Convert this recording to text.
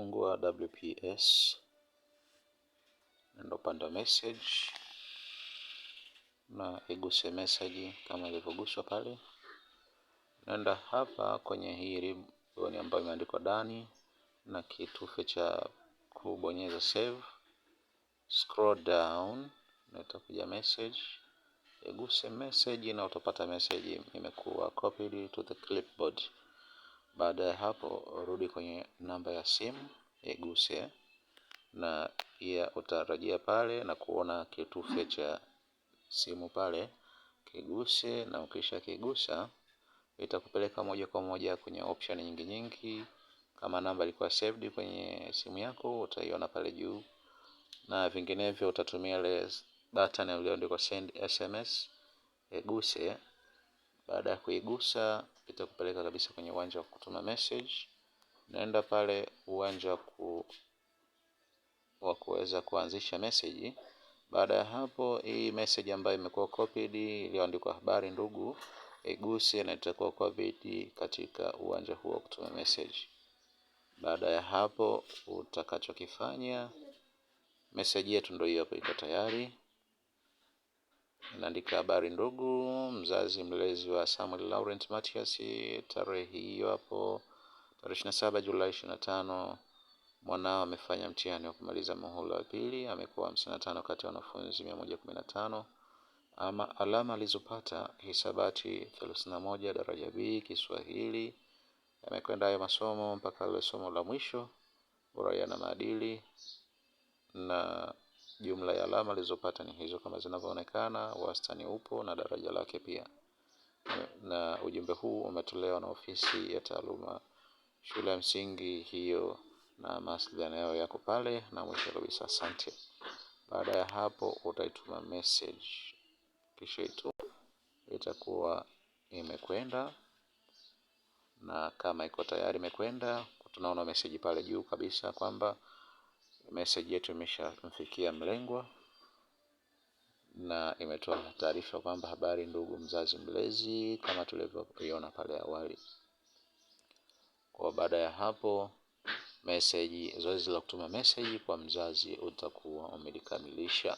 Fungua WPS, nenda upande wa message na iguse message kama ilivyoguswa pale. Nenda hapa kwenye hii ribbon ambayo imeandikwa dani na kitufe cha kubonyeza save. Scroll down na itakuja message, iguse message na utapata message imekuwa copied to the clipboard. Baada ya hapo rudi kwenye namba ya simu, iguse na pia utarajia pale na kuona kitufe cha simu pale, kiguse na ukisha kigusa itakupeleka moja kwa moja kwenye option nyingi nyingi. Kama namba ilikuwa saved kwenye simu yako utaiona pale juu, na vinginevyo utatumia ile button iliyoandikwa send sms, iguse. Baada ya kuigusa itakupeleka kabisa kwenye uwanja wa kutuma message. Unaenda pale uwanja ku, wa kuweza kuanzisha message. Baada ya hapo, hii message ambayo imekuwa copied iliyoandikwa habari ndugu iguse na itakuwa copied katika uwanja huo wa kutuma message. Baada ya hapo, utakachokifanya message yetu ndio hiyo hapo, iko tayari. Naandika habari ndugu, mzazi mlezi wa Samuel Laurent Matias, tarehe hiyo hapo, tarehe ishirini na saba Julai ishirini na tano mwanao amefanya mtihani wa kumaliza muhula wa pili, amekuwa hamsini na tano kati ya wanafunzi mia moja kumi na tano ama alama alizopata hisabati thelathini na moja daraja B Kiswahili amekwenda hayo masomo mpaka ile somo la mwisho uraia na maadili na Jumla ya alama alizopata ni hizo kama zinavyoonekana, wastani upo na daraja lake pia. Na ujumbe huu umetolewa na ofisi ya taaluma shule ya msingi hiyo, na mawasiliano yao yako pale. Na mwisho kabisa, asante. Baada ya hapo, utaituma message, kisha itu itakuwa imekwenda na kama iko tayari imekwenda, tunaona message pale juu kabisa kwamba message yetu imeshamfikia mlengwa na imetoa taarifa kwamba habari ndugu mzazi mlezi, kama tulivyoiona pale awali. Kwa baada ya hapo message, zoezi la kutuma message kwa mzazi utakuwa umelikamilisha.